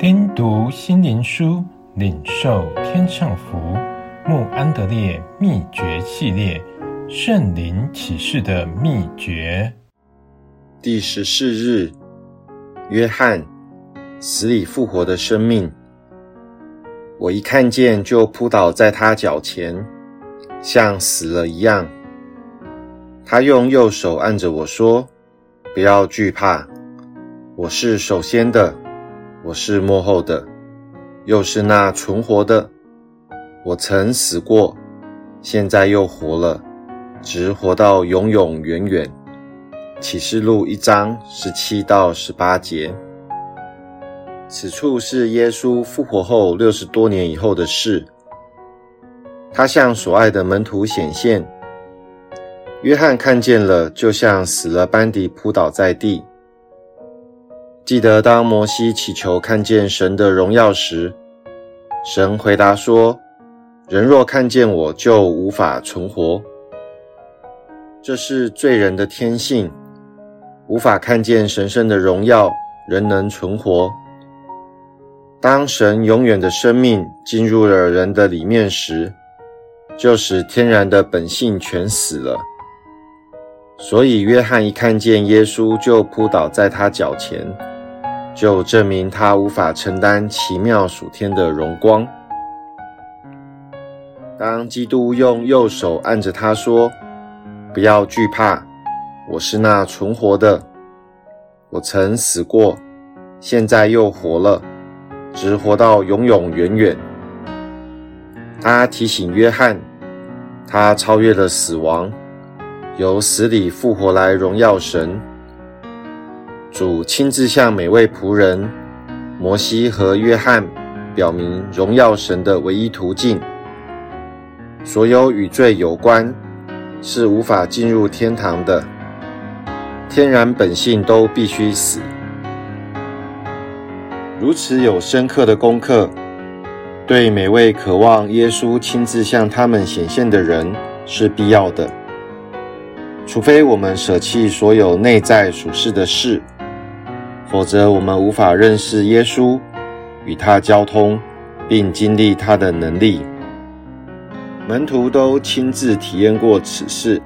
聽讀心靈書，領受天上福。穆安德烈秘訣系列《聖靈啟示的秘訣》第十四日，約翰，死裡復活的生命。我一看見，就撲倒在他腳前，像死了一樣。他用右手按着我說：“不要懼怕，我是首先的。”我是末後的，又是那存活的。我曾死過，現在又活了，直活到永永遠遠。啟示錄一章十七到十八節。此處是耶穌復活後六十多年以後的事。他向所愛的門徒顯現。約翰看見了，就像死了般地撲倒在地。記得當摩西祈求看見神的榮耀時，神回答說：“人若看見我，就無法存活。這是罪人的天性，無法看見神聖的榮耀，仍能存活。當神永遠的生命進入了人的裡面時，就使天然的本性全死了。所以約翰一看見耶穌，就撲倒在他腳前。”就證明他無法承擔奇妙屬天的榮光。當基督用右手按着他說：“不要懼怕，我是那存活的，我曾死過，現在又活了，直活到永永遠遠。”他提醒約翰，他超越了死亡，由死裡復活來榮耀神。主親自向每位僕人摩西和約翰表明，榮耀神的唯一途徑。所有與罪有關，是無法進入天堂的，天然本性都必須死。如此有深刻的功課，對每位渴望耶穌親自向他們顯現的人是必要的。除非我們捨棄所有內在屬世的事。否則，我們無法認識耶穌，與他交通，並經歷他的能力。門徒都親自體驗過此事。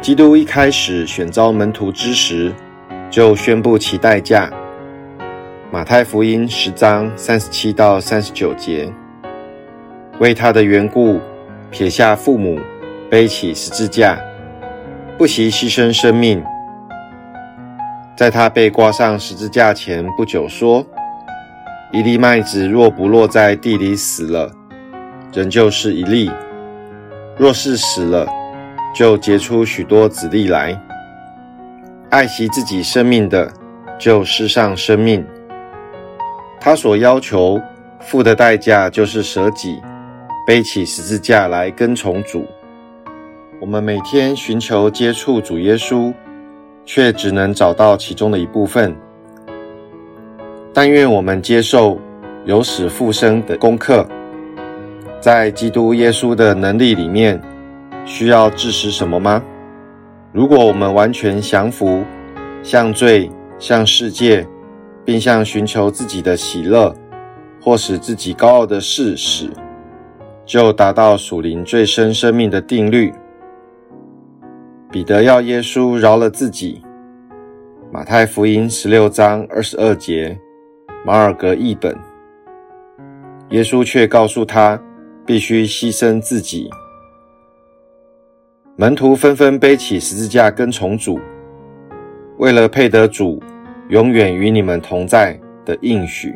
基督一開始選召門徒之時，就宣布其代價。馬太福音十章三十七到三十九節，為他的緣故，撇下父母，背起十字架，不惜犧牲生命。在他被掛上十字架前不久，說：“一粒麥子若不落在地裡死了，仍舊是一粒；若是死了，就結出許多子粒來。愛惜自己生命的，就失喪生命。他所要求付的代價，就是捨己，背起十字架來跟從主。我們每天尋求接觸主耶穌。”卻只能找到其中的一部分。但願我們接受由死復生的功課，在基督耶穌的能力裡面，需要治死什麼嗎？如果我們完全降服，向罪、向世界，並向尋求自己的喜樂或使自己高傲的事死，就達到屬靈最深生命的定律。彼得要耶穌饒了自己，《馬太福音》十六章二十二節，馬爾格譯本。耶穌卻告訴他，必須犧牲自己。門徒紛紛紛背起十字架跟從主，為了配得主永遠與你們同在的應許。